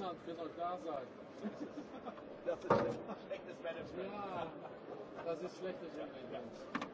niemand wird noch da sein. Das ist schlechtes Management. Ja, das ist schlechtes Management.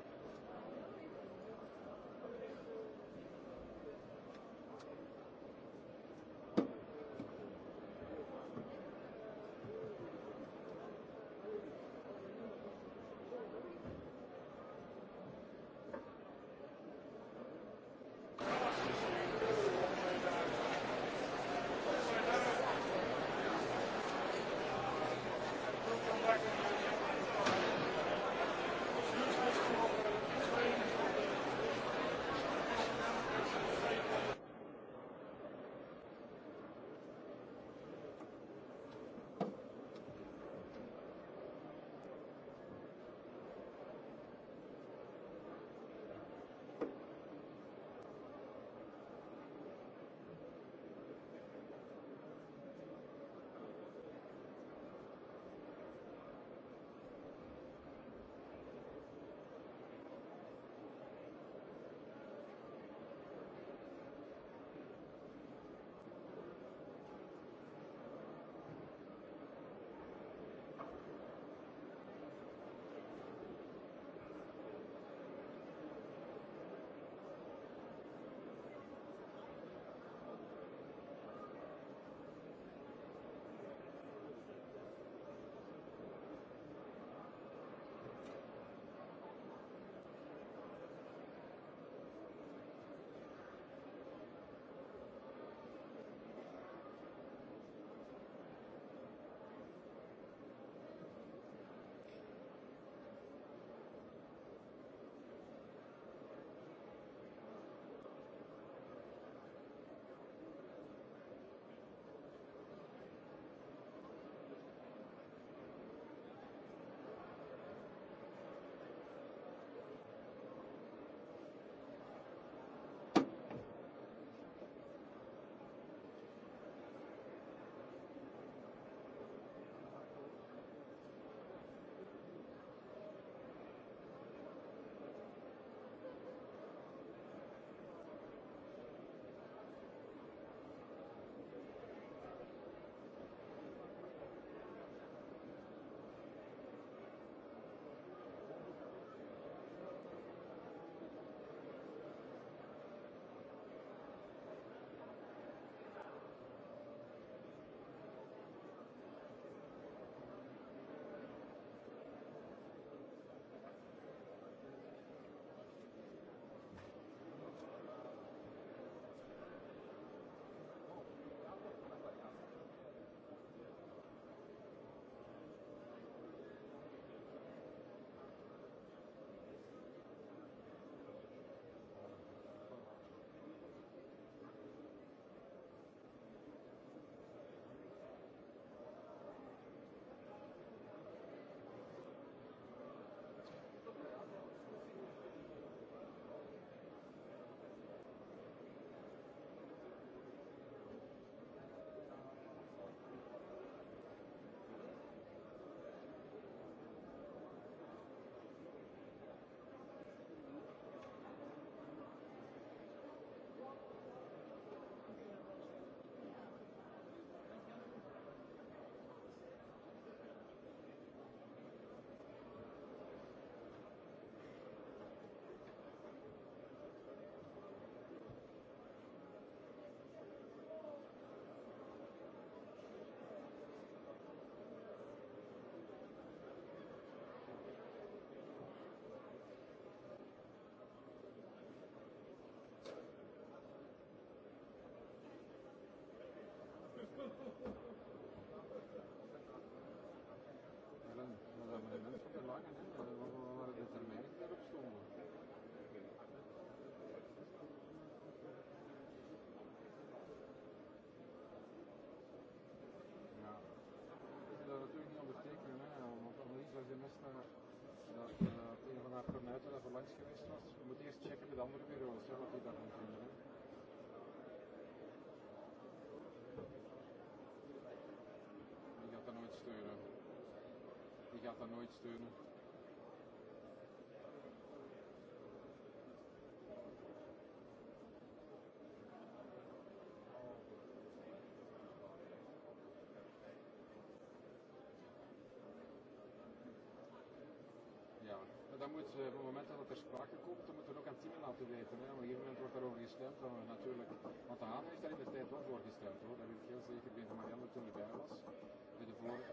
mist een van haar dat er langs geweest was. We moeten eerst checken met andere bureaus hè, wat die daarvan vinden. Hè. Die gaat dat nooit steunen. Die gaat dat nooit steunen. op het moment dat er ter sprake komt, dan moeten we ook aan het laten weten. Hè. Op een gegeven moment wordt daarover gestemd, dan natuurlijk. Want de Haven heeft daar in de tijd wel voor gestemd hoor. Dat weet ik heel zeker weten. Marianne toen erbij was. Bij de vorige.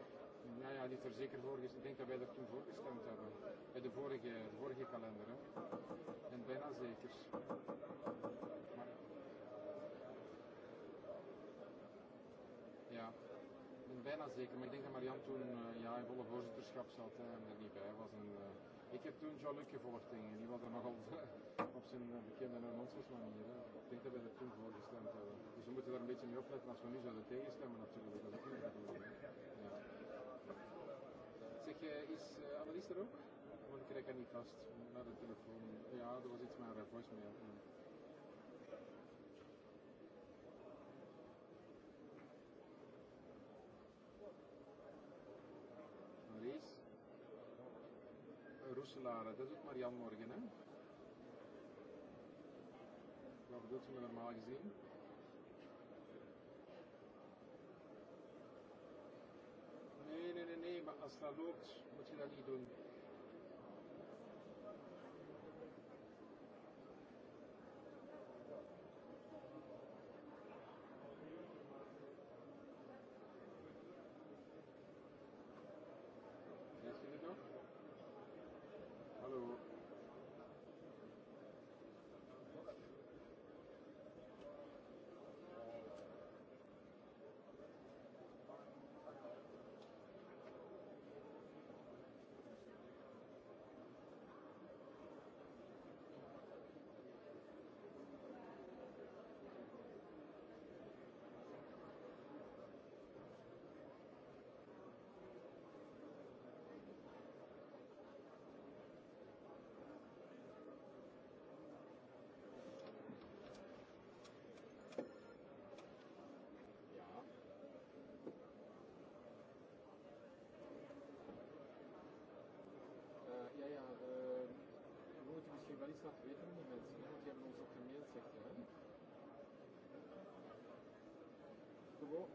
Nou ja, niet er zeker voor Ik denk dat wij er toen voor gestemd hebben. Bij de vorige, de vorige kalender. Hè. En bijna zeker. Maar... Ja. Ik ben bijna zeker, maar ik denk dat Marianne toen uh, ja, in volle voorzitterschap zat hè, en er niet bij was. En, uh, Ik heb toen John luc gevolgd, denk ik. Die was er nogal op zijn bekende nonsensmanier. Ik denk dat we dat toen voor gestemd hebben. Dus we moeten daar een beetje mee opletten als we nu zouden tegenstemmen natuurlijk. Dat is ook niet bedoeling. Ja. Zeg, is uh, Annelies er ook? Want ik krijg haar niet vast naar de telefoon. Ja, er was iets met haar voicemail. Salare, dat doet Marian morgen, hè? Wat ze normaal gezien? Nee, nee, nee, nee, maar als dat loopt, moet je dat niet doen. Vertretung, die Mediziner, die haben unsere Terminsektion. So,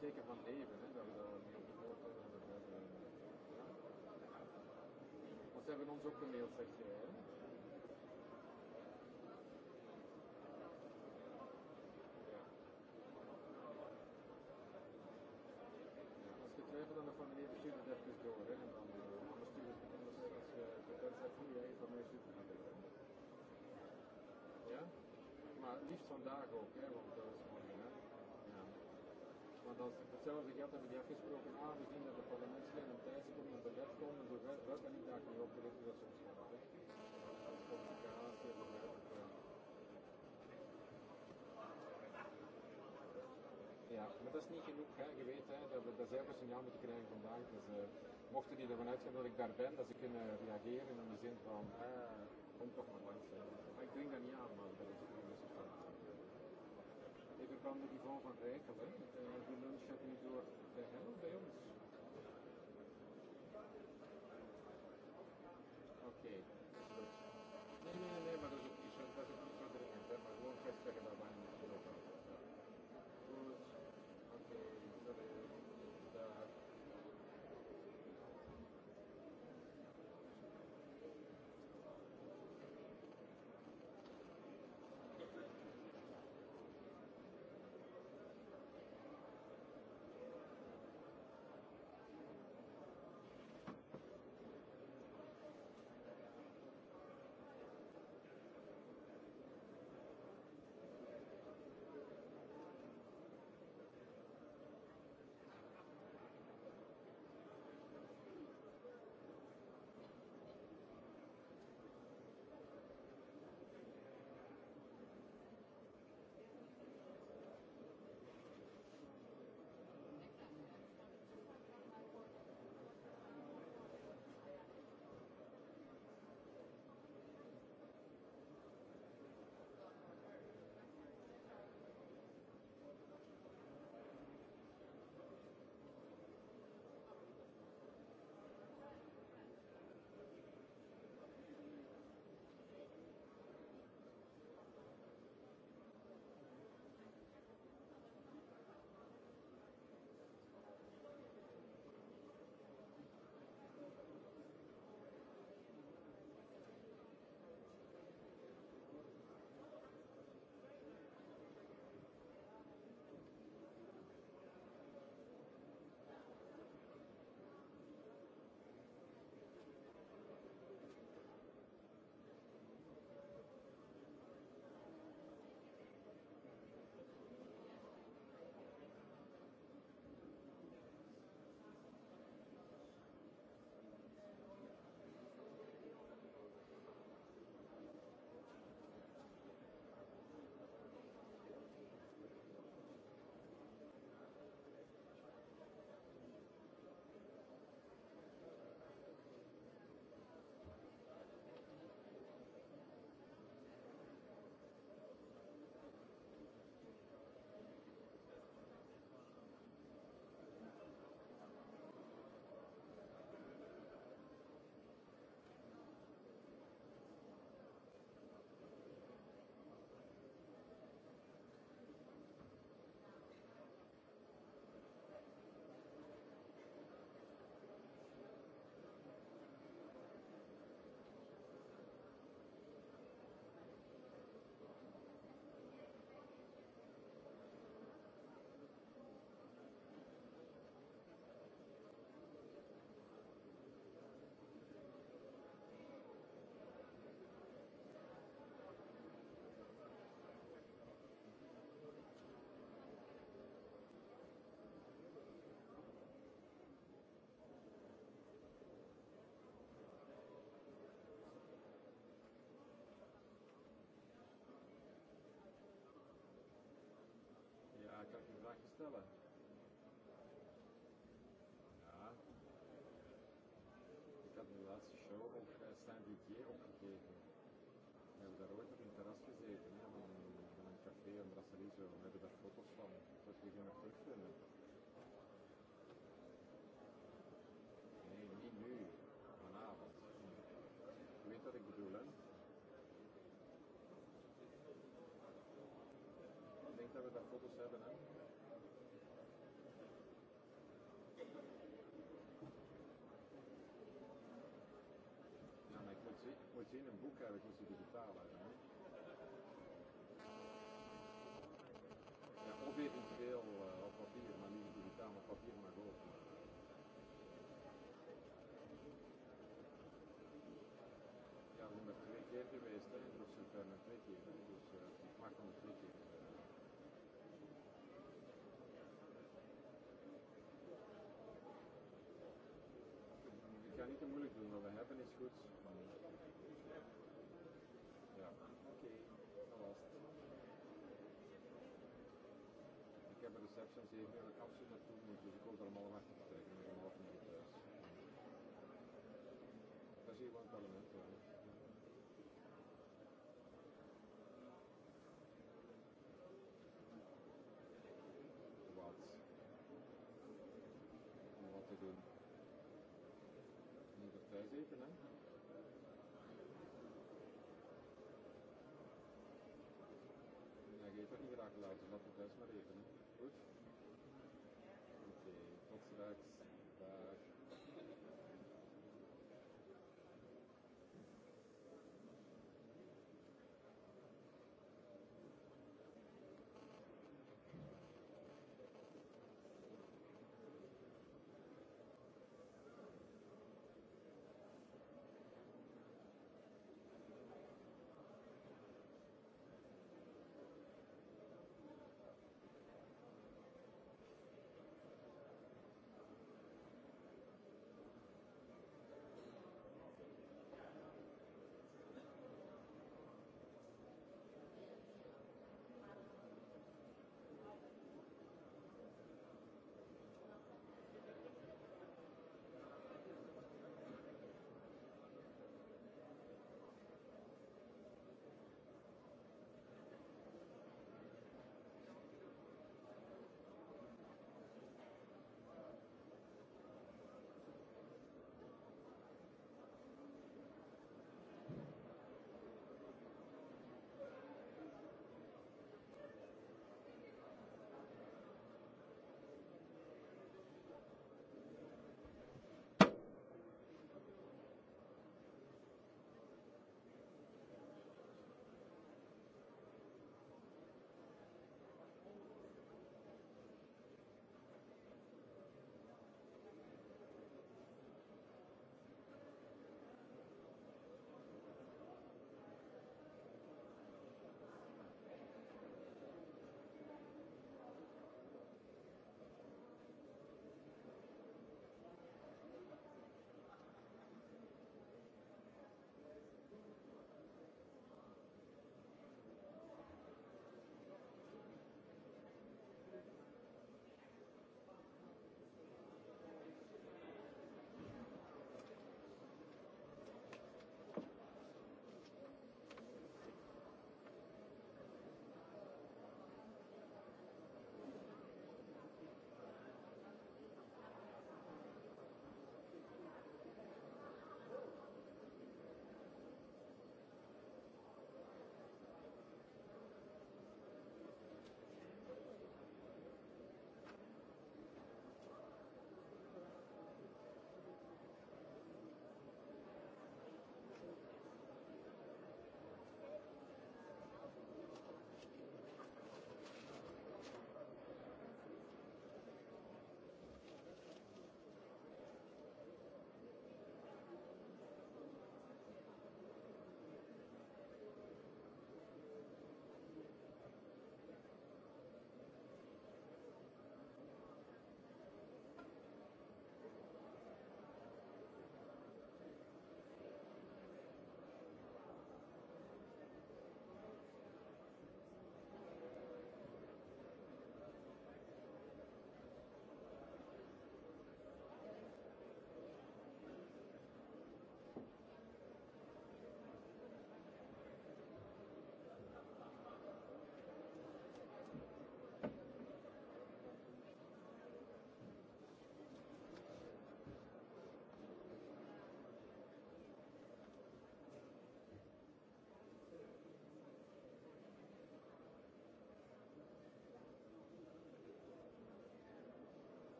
teken van leven, hè, we ze hebben ons ook gemaild, zegt? dagen ook, hè, want dat is mooi, Ja. Want als ik hetzelfde geld hebben die afgesproken, aangezien dat de parlementsleden op tijd komen en belet komen, zo ver, wel kan ik daar niet op richten, dat soms gaat, hè. Dat komt Ja, maar dat is niet genoeg. Hè. Je weet hè, dat we daar zelf een signaal moeten krijgen vandaag. Dus uh, mochten die ervan uitgaan dat ik daar ben, dat ze kunnen reageren in de zin van, eh, kom toch maar langs. Hè. Maar ik denk dat niet aan, maar dat man kan de Yvonne van Rijken, de lunch hebben we door de Hennelbeels. здоровья, на терраске заедем, на кафе, на рассолите, на это даже фото с вами. То есть, где мы пришли, Не, не, не, она вот. Витар и Гудюлен. Denk dat we daar foto's hebben, hè? in een boekhouder moest je betalen uiteindelijk. Ja, of virtueel uh, op papier, maar niet digitaal, maar papier maar ook. Ja, we zijn twee keer geweest en hè, in Brussel, maar twee keer. dus uh, ik mag nog twee keer. Ik ga niet te moeilijk doen, wat we hebben is goed. the receptions, they were absolutely toen dus ik allemaal achter te trekken. En wat niet thuis. Dat is hier wel een parlement. Wat? Wat te even Irak laten, laten we thuis maar regenen. Goed? Oké, tot straks. Dag.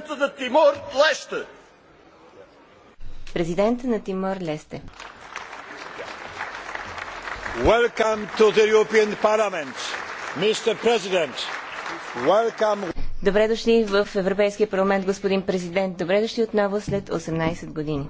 Президента на Тимор Президента на Тимор Лесте. Welcome to the European Parliament, Mr. President. Welcome. Добре дошли в Европейския парламент, господин президент. Добре дошли отново след 18 години.